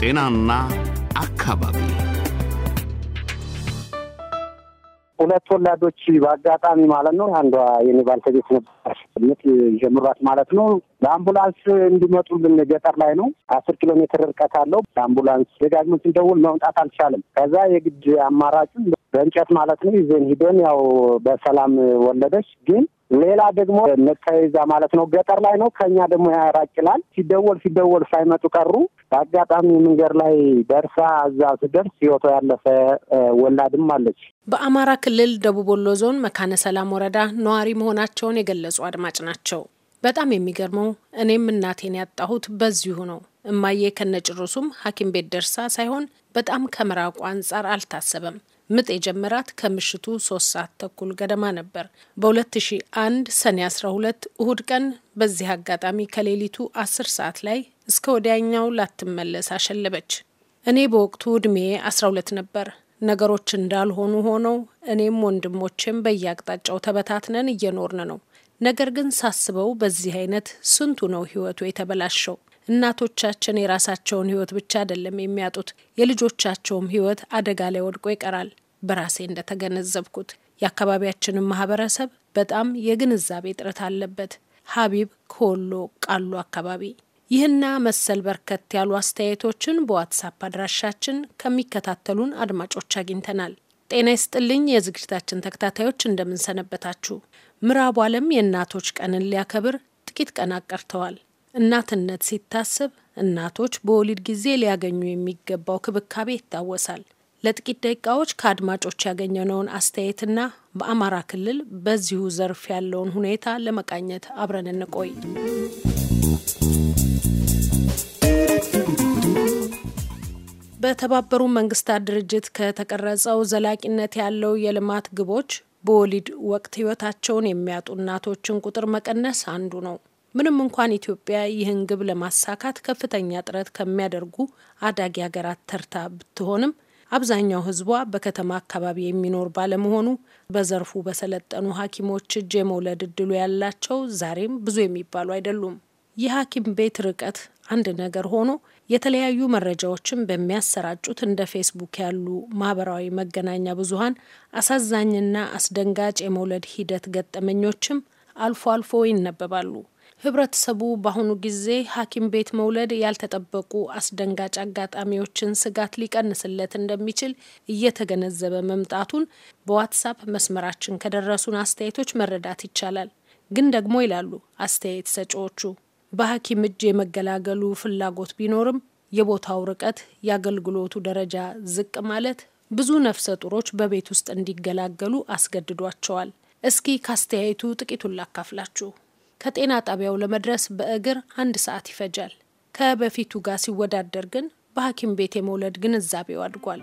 ጤናና አካባቢ ሁለት ወላዶች በአጋጣሚ ማለት ነው። አንዷ የኔ ባልተቤት ነበር ምጥ ጀምሯት ማለት ነው። ለአምቡላንስ እንዲመጡልን ገጠር ላይ ነው፣ አስር ኪሎ ሜትር ርቀት አለው። ለአምቡላንስ ደጋግመን ስንደውል መምጣት አልቻለም። ከዛ የግድ አማራጩን በእንጨት ማለት ነው ይዘን ሂደን ያው በሰላም ወለደች ግን ሌላ ደግሞ መተይዛ ማለት ነው። ገጠር ላይ ነው፣ ከኛ ደግሞ ያራቅ ይላል። ሲደወል ሲደወል ሳይመጡ ቀሩ። በአጋጣሚ መንገድ ላይ ደርሳ እዛ ስደርስ ህይወቷ ያለፈ ወላድም አለች። በአማራ ክልል ደቡብ ወሎ ዞን መካነ ሰላም ወረዳ ነዋሪ መሆናቸውን የገለጹ አድማጭ ናቸው። በጣም የሚገርመው እኔም እናቴን ያጣሁት በዚሁ ነው። እማዬ ከነጭሩሱም ሐኪም ቤት ደርሳ ሳይሆን በጣም ከምራቁ አንጻር አልታሰበም ምጥ የጀመራት ከምሽቱ ሶስት ሰዓት ተኩል ገደማ ነበር። በ2001 ሰኔ 12 እሁድ ቀን በዚህ አጋጣሚ ከሌሊቱ 10 ሰዓት ላይ እስከ ወዲያኛው ላትመለስ አሸለበች። እኔ በወቅቱ ዕድሜ 12 ነበር። ነገሮች እንዳልሆኑ ሆነው እኔም ወንድሞቼም በየአቅጣጫው ተበታትነን እየኖርን ነው። ነገር ግን ሳስበው በዚህ አይነት ስንቱ ነው ህይወቱ የተበላሸው። እናቶቻችን የራሳቸውን ህይወት ብቻ አይደለም የሚያጡት፣ የልጆቻቸውም ህይወት አደጋ ላይ ወድቆ ይቀራል። በራሴ እንደተገነዘብኩት የአካባቢያችንን ማህበረሰብ በጣም የግንዛቤ እጥረት አለበት። ሀቢብ ከወሎ ቃሉ አካባቢ ይህና መሰል በርከት ያሉ አስተያየቶችን በዋትሳፕ አድራሻችን ከሚከታተሉን አድማጮች አግኝተናል። ጤና ይስጥልኝ የዝግጅታችን ተከታታዮች እንደምንሰነበታችሁ። ምዕራቡ ዓለም የእናቶች ቀንን ሊያከብር ጥቂት ቀን አቀርተዋል። እናትነት ሲታሰብ እናቶች በወሊድ ጊዜ ሊያገኙ የሚገባው ክብካቤ ይታወሳል። ለጥቂት ደቂቃዎች ከአድማጮች ያገኘነውን አስተያየትና በአማራ ክልል በዚሁ ዘርፍ ያለውን ሁኔታ ለመቃኘት አብረን እንቆይ። በተባበሩ መንግስታት ድርጅት ከተቀረጸው ዘላቂነት ያለው የልማት ግቦች በወሊድ ወቅት ህይወታቸውን የሚያጡ እናቶችን ቁጥር መቀነስ አንዱ ነው። ምንም እንኳን ኢትዮጵያ ይህን ግብ ለማሳካት ከፍተኛ ጥረት ከሚያደርጉ አዳጊ ሀገራት ተርታ ብትሆንም አብዛኛው ሕዝቧ በከተማ አካባቢ የሚኖር ባለመሆኑ በዘርፉ በሰለጠኑ ሐኪሞች እጅ የመውለድ እድሉ ያላቸው ዛሬም ብዙ የሚባሉ አይደሉም። የሐኪም ቤት ርቀት አንድ ነገር ሆኖ የተለያዩ መረጃዎችን በሚያሰራጩት እንደ ፌስቡክ ያሉ ማህበራዊ መገናኛ ብዙሀን አሳዛኝና አስደንጋጭ የመውለድ ሂደት ገጠመኞችም አልፎ አልፎ ይነበባሉ። ህብረተሰቡ በአሁኑ ጊዜ ሐኪም ቤት መውለድ ያልተጠበቁ አስደንጋጭ አጋጣሚዎችን ስጋት ሊቀንስለት እንደሚችል እየተገነዘበ መምጣቱን በዋትሳፕ መስመራችን ከደረሱን አስተያየቶች መረዳት ይቻላል። ግን ደግሞ ይላሉ አስተያየት ሰጪዎቹ በሐኪም እጅ የመገላገሉ ፍላጎት ቢኖርም የቦታው ርቀት፣ የአገልግሎቱ ደረጃ ዝቅ ማለት ብዙ ነፍሰ ጡሮች በቤት ውስጥ እንዲገላገሉ አስገድዷቸዋል። እስኪ ካስተያየቱ ጥቂቱን ላካፍላችሁ። ከጤና ጣቢያው ለመድረስ በእግር አንድ ሰዓት ይፈጃል። ከበፊቱ ጋር ሲወዳደር ግን በሐኪም ቤት የመውለድ ግንዛቤው አድጓል።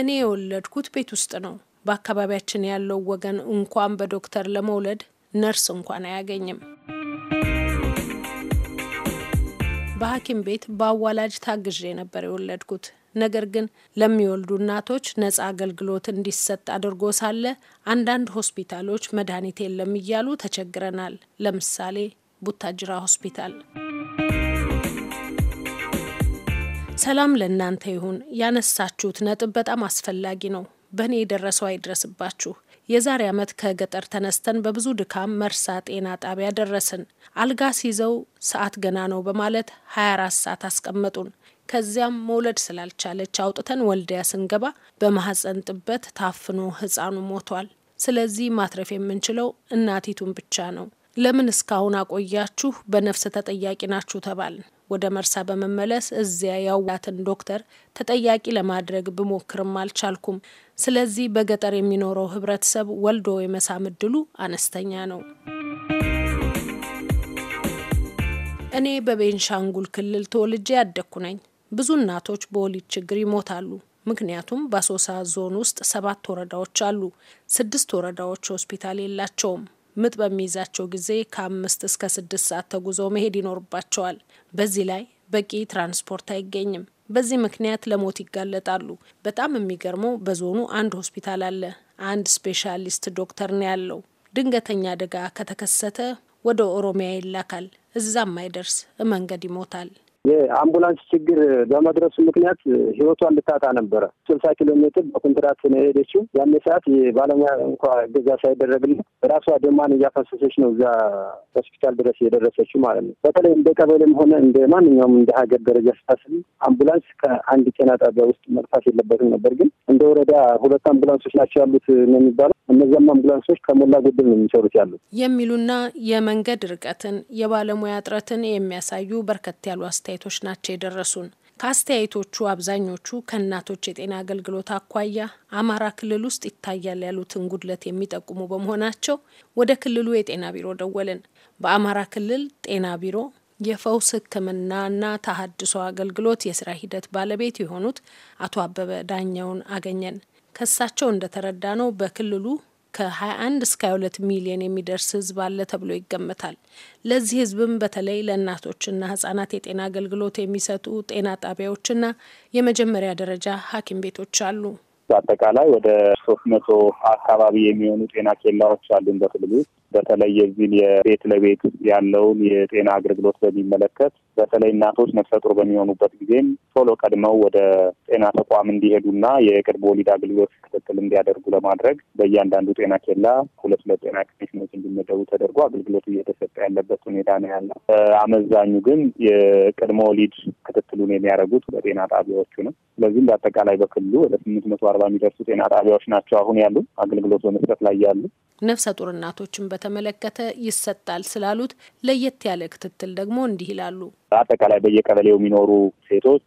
እኔ የወለድኩት ቤት ውስጥ ነው። በአካባቢያችን ያለው ወገን እንኳን በዶክተር ለመውለድ ነርስ እንኳን አያገኝም። በሐኪም ቤት በአዋላጅ ታግዤ ነበር የወለድኩት። ነገር ግን ለሚወልዱ እናቶች ነጻ አገልግሎት እንዲሰጥ አድርጎ ሳለ አንዳንድ ሆስፒታሎች መድኃኒት የለም እያሉ ተቸግረናል። ለምሳሌ ቡታጅራ ሆስፒታል። ሰላም ለእናንተ ይሁን። ያነሳችሁት ነጥብ በጣም አስፈላጊ ነው። በእኔ የደረሰው አይድረስባችሁ። የዛሬ ዓመት ከገጠር ተነስተን በብዙ ድካም መርሳ ጤና ጣቢያ ደረስን። አልጋ ሲይዘው ሰዓት ገና ነው በማለት 24 ሰዓት አስቀመጡን። ከዚያም መውለድ ስላልቻለች አውጥተን ወልዲያ ስንገባ በማህፀን ጥበት ታፍኖ ህፃኑ ሞቷል። ስለዚህ ማትረፍ የምንችለው እናቲቱን ብቻ ነው። ለምን እስካሁን አቆያችሁ? በነፍስ ተጠያቂ ናችሁ ተባልን። ወደ መርሳ በመመለስ እዚያ ያዋትን ዶክተር ተጠያቂ ለማድረግ ብሞክርም አልቻልኩም። ስለዚህ በገጠር የሚኖረው ህብረተሰብ ወልዶ የመሳም እድሉ አነስተኛ ነው። እኔ በቤንሻንጉል ክልል ተወልጄ ያደግኩ ነኝ። ብዙ እናቶች በወሊድ ችግር ይሞታሉ። ምክንያቱም በአሶሳ ዞን ውስጥ ሰባት ወረዳዎች አሉ። ስድስት ወረዳዎች ሆስፒታል የላቸውም። ምጥ በሚይዛቸው ጊዜ ከአምስት እስከ ስድስት ሰዓት ተጉዘው መሄድ ይኖርባቸዋል። በዚህ ላይ በቂ ትራንስፖርት አይገኝም። በዚህ ምክንያት ለሞት ይጋለጣሉ። በጣም የሚገርመው በዞኑ አንድ ሆስፒታል አለ። አንድ ስፔሻሊስት ዶክተር ነው ያለው። ድንገተኛ አደጋ ከተከሰተ ወደ ኦሮሚያ ይላካል። እዛም አይደርስ መንገድ ይሞታል። የአምቡላንስ ችግር በመድረሱ ምክንያት ህይወቷን ልታጣ ነበረ። ስልሳ ኪሎ ሜትር በኮንትራት ነው የሄደችው። ያኔ ሰዓት የባለሙያ እንኳ እገዛ ሳይደረግልን ራሷ ደማን እያፈሰሰች ነው እዛ ሆስፒታል ድረስ የደረሰችው ማለት ነው። በተለይ እንደ ቀበሌም ሆነ እንደ ማንኛውም እንደ ሀገር ደረጃ ስታስብ አምቡላንስ ከአንድ ጤና ጣቢያ ውስጥ መጥፋት የለበትም ነበር። ግን እንደ ወረዳ ሁለት አምቡላንሶች ናቸው ያሉት ነው የሚባለው። እነዚያም አምቡላንሶች ከሞላ ጎደል ነው የሚሰሩት ያሉት የሚሉና የመንገድ ርቀትን፣ የባለሙያ እጥረትን የሚያሳዩ በርከት ያሉ አስተያየቶች ናቸው የደረሱን። ከአስተያየቶቹ አብዛኞቹ ከእናቶች የጤና አገልግሎት አኳያ አማራ ክልል ውስጥ ይታያል ያሉትን ጉድለት የሚጠቁሙ በመሆናቸው ወደ ክልሉ የጤና ቢሮ ደወልን። በአማራ ክልል ጤና ቢሮ የፈውስ ሕክምናና ተሀድሶ አገልግሎት የስራ ሂደት ባለቤት የሆኑት አቶ አበበ ዳኛውን አገኘን። ከሳቸው እንደተረዳ ነው በክልሉ ከ21 እስከ 22 ሚሊዮን የሚደርስ ህዝብ አለ ተብሎ ይገመታል። ለዚህ ህዝብም በተለይ ለእናቶችና ህጻናት የጤና አገልግሎት የሚሰጡ ጤና ጣቢያዎችና የመጀመሪያ ደረጃ ሐኪም ቤቶች አሉ። በአጠቃላይ ወደ ሶስት መቶ አካባቢ የሚሆኑ ጤና ኬላዎች አሉን በክልል ውስጥ። በተለይ የዚህን የቤት ለቤት ያለውን የጤና አገልግሎት በሚመለከት በተለይ እናቶች ነፍሰ በሚሆኑበት ጊዜም ቶሎ ቀድመው ወደ ጤና ተቋም እንዲሄዱና የቅድመ ወሊድ አገልግሎት ክትትል እንዲያደርጉ ለማድረግ በእያንዳንዱ ጤና ኬላ ሁለት ሁለት ጤና ኬላዎች እንዲመደቡ ተደርጎ አገልግሎቱ እየተሰጠ ያለበት ሁኔታ ነው ያለው። አመዛኙ ግን የቅድመ ወሊድ ክትትሉን የሚያደርጉት በጤና ጣቢያዎቹ ነው። ስለዚህም በአጠቃላይ በክልሉ ወደ ስምንት መቶ አርባ የሚደርሱ ጤና ጣቢያዎች ናቸው አሁን ያሉ አገልግሎት በመስጠት ላይ ያሉ። ነፍሰ ጡር እናቶችን በተመለከተ ይሰጣል ስላሉት ለየት ያለ ክትትል ደግሞ እንዲህ ይላሉ። አጠቃላይ በየቀበሌው የሚኖሩ ሴቶች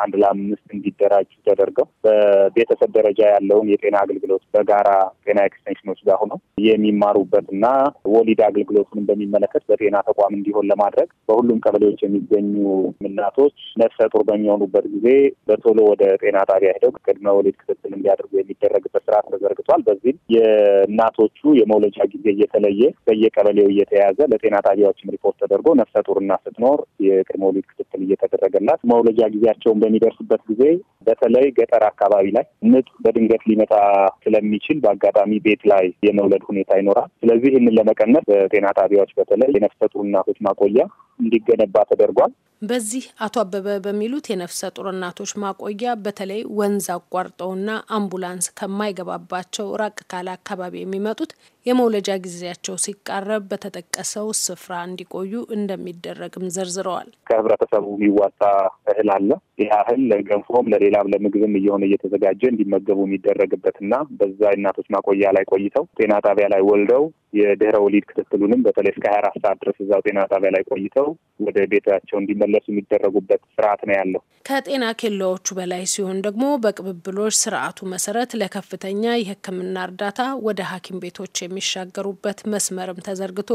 አንድ ለአምስት እንዲደራጁ ተደርገው በቤተሰብ ደረጃ ያለውን የጤና አገልግሎት በጋራ ጤና ኤክስቴንሽኖች ጋር ሆነው የሚማሩበት እና ወሊድ አገልግሎቱን በሚመለከት በጤና ተቋም እንዲሆን ለማድረግ በሁሉም ቀበሌዎች የሚገኙ እናቶች ነፍሰ ጡር በሚሆኑበት ጊዜ በቶሎ ወደ ጤና ጣቢያ ሄደው ቅድመ ወሊድ ክትትል እንዲያደርጉ የሚደረግበት ስርዓት ተዘርግቷል። በዚህም የእናቶቹ የመውለጃ ጊዜ እየተለየ በየቀበሌው እየተያዘ ለጤና ጣቢያዎችም ሪፖርት ተደርጎ ነፍሰ ጡርና ስትኖር የቅድመ ወሊድ ክትትል እየተደረገላት መውለጃ ጊዜያቸውን በሚደርስበት ጊዜ በተለይ ገጠር አካባቢ ላይ ምጥ በድንገት ሊመጣ ስለሚችል በአጋጣሚ ቤት ላይ የመውለድ ሁኔታ ይኖራል። ስለዚህ ይህንን ለመቀነስ በጤና ጣቢያዎች በተለይ የነፍሰ ጡር እናቶች ማቆያ እንዲገነባ ተደርጓል። በዚህ አቶ አበበ በሚሉት የነፍሰ ጡር እናቶች ማቆያ በተለይ ወንዝ አቋርጠው ከሚመጣውና አምቡላንስ ከማይገባባቸው ራቅ ካለ አካባቢ የሚመጡት የመውለጃ ጊዜያቸው ሲቃረብ በተጠቀሰው ስፍራ እንዲቆዩ እንደሚደረግም ዘርዝረዋል። ከህብረተሰቡ የሚዋጣ እህል አለ። ይህ እህል ለገንፎም፣ ለሌላም ለምግብም እየሆነ እየተዘጋጀ እንዲመገቡ የሚደረግበትና በዛ እናቶች ማቆያ ላይ ቆይተው ጤና ጣቢያ ላይ ወልደው የድህረ ወሊድ ክትትሉንም በተለይ እስከ ሀያ አራት ሰዓት ድረስ እዛው ጤና ጣቢያ ላይ ቆይተው ወደ ቤታቸው እንዲመለሱ የሚደረጉበት ስርዓት ነው ያለው። ከጤና ኬላዎቹ በላይ ሲሆን ደግሞ በቅብብሎች ስርዓቱ መሰረት ለከፍተኛ የህክምና እርዳታ ወደ ሐኪም ቤቶች የሚሻገሩበት መስመርም ተዘርግቶ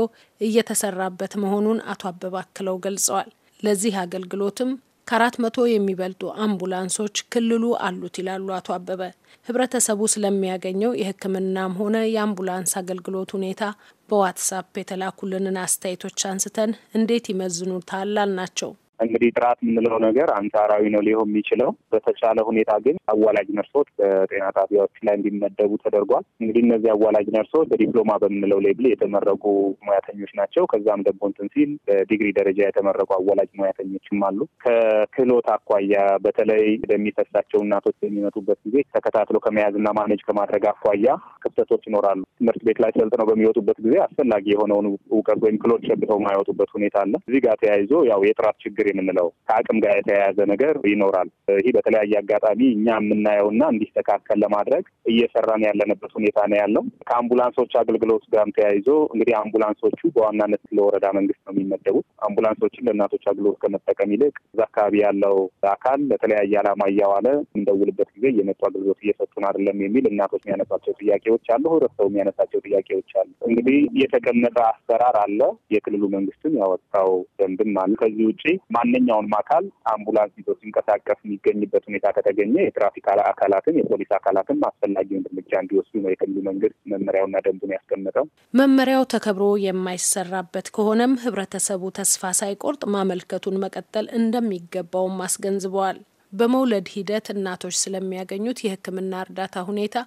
እየተሰራበት መሆኑን አቶ አበባ አክለው ገልጸዋል። ለዚህ አገልግሎትም ከአራት መቶ የሚበልጡ አምቡላንሶች ክልሉ አሉት ይላሉ አቶ አበበ። ህብረተሰቡ ስለሚያገኘው የሕክምናም ሆነ የአምቡላንስ አገልግሎት ሁኔታ በዋትሳፕ የተላኩልንን አስተያየቶች አንስተን እንዴት ይመዝኑታል አልናቸው። እንግዲህ ጥራት የምንለው ነገር አንጻራዊ ነው ሊሆን የሚችለው። በተቻለ ሁኔታ ግን አዋላጅ ነርሶች በጤና ጣቢያዎች ላይ እንዲመደቡ ተደርጓል። እንግዲህ እነዚህ አዋላጅ ነርሶች በዲፕሎማ በምንለው ሌብል የተመረቁ ሙያተኞች ናቸው። ከዛም ደግሞ እንትን ሲል በዲግሪ ደረጃ የተመረቁ አዋላጅ ሙያተኞችም አሉ። ከክህሎት አኳያ በተለይ ወደሚፈሳቸው እናቶች የሚመጡበት ጊዜ ተከታትሎ ከመያዝና ማነጅ ማኔጅ ከማድረግ አኳያ ክፍተቶች ይኖራሉ። ትምህርት ቤት ላይ ሰልጥነው በሚወጡበት ጊዜ አስፈላጊ የሆነውን እውቀት ወይም ክሎት ሸብተው የማይወጡበት ሁኔታ አለ። እዚህ ጋር ተያይዞ ያው የጥራት ችግር የምንለው ከአቅም ጋር የተያያዘ ነገር ይኖራል። ይህ በተለያየ አጋጣሚ እኛ የምናየውና እንዲስተካከል ለማድረግ እየሰራን ያለንበት ሁኔታ ነው ያለው። ከአምቡላንሶች አገልግሎት ጋርም ተያይዞ እንግዲህ አምቡላንሶቹ በዋናነት ለወረዳ መንግስት ነው የሚመደቡት። አምቡላንሶችን ለእናቶች አገልግሎት ከመጠቀም ይልቅ እዛ አካባቢ ያለው አካል ለተለያየ ዓላማ እያዋለ እንደውልበት ጊዜ የመጡ አገልግሎት እየሰጡን አይደለም የሚል እናቶች የሚያነሷቸው ጥያቄዎች አሉ። ህብረተሰቡ የሚያነሳቸው ጥያቄዎች አሉ። እንግዲህ የተቀመጠ አሰራር አለ። የክልሉ መንግስትም ያወጣው ደንብም አለ። ከዚህ ውጭ ማንኛውንም አካል አምቡላንስ ይዞ ሲንቀሳቀስ የሚገኝበት ሁኔታ ከተገኘ የትራፊክ አካላትም የፖሊስ አካላትም አስፈላጊውን እርምጃ እንዲወስዱ ነው የክልሉ መንግስት መመሪያውና ደንቡን ያስቀመጠው። መመሪያው ተከብሮ የማይሰራበት ከሆነም ህብረተሰቡ ተስፋ ሳይቆርጥ ማመልከቱን መቀጠል እንደሚገባውም አስገንዝበዋል። በመውለድ ሂደት እናቶች ስለሚያገኙት የሕክምና እርዳታ ሁኔታ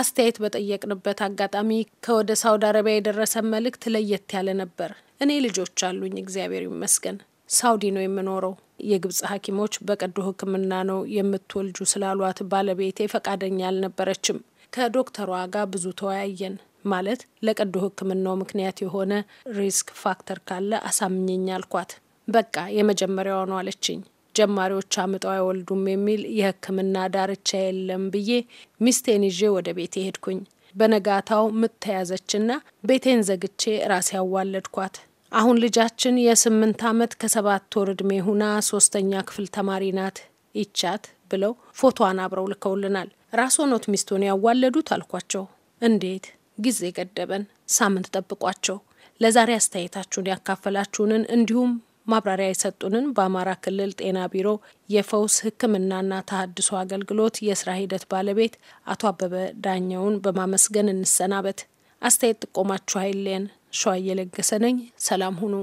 አስተያየት በጠየቅንበት አጋጣሚ ከወደ ሳውዲ አረቢያ የደረሰ መልእክት ለየት ያለ ነበር። እኔ ልጆች አሉኝ፣ እግዚአብሔር ይመስገን። ሳውዲ ነው የምኖረው። የግብጽ ሐኪሞች በቀዶ ሕክምና ነው የምትወልጁ ስላሏት ባለቤቴ ፈቃደኛ አልነበረችም። ከዶክተሯ ጋር ብዙ ተወያየን። ማለት ለቀዶ ሕክምናው ምክንያት የሆነ ሪስክ ፋክተር ካለ አሳምኘኝ አልኳት። በቃ የመጀመሪያው ነው አለችኝ። ጀማሪዎች አምጠው አይወልዱም የሚል የሕክምና ዳርቻ የለም ብዬ ሚስቴን ይዤ ወደ ቤቴ ሄድኩኝ። በነጋታው ምጥ ተያዘችና ቤቴን ዘግቼ ራሴ ያዋለድኳት። አሁን ልጃችን የስምንት ዓመት ከሰባት ወር ዕድሜ ሁና ሶስተኛ ክፍል ተማሪ ናት። ይቻት ብለው ፎቶዋን አብረው ልከውልናል። ራስ ሆኖት ሚስቶን ያዋለዱት አልኳቸው። እንዴት ጊዜ ገደበን፣ ሳምንት ጠብቋቸው። ለዛሬ አስተያየታችሁን ያካፈላችሁንን እንዲሁም ማብራሪያ የሰጡንን በአማራ ክልል ጤና ቢሮ የፈውስ ሕክምናና ተሀድሶ አገልግሎት የስራ ሂደት ባለቤት አቶ አበበ ዳኛውን በማመስገን እንሰናበት። አስተያየት ጥቆማችሁ አይለየን። ሸዋ እየለገሰ ነኝ። ሰላም ሁኑ።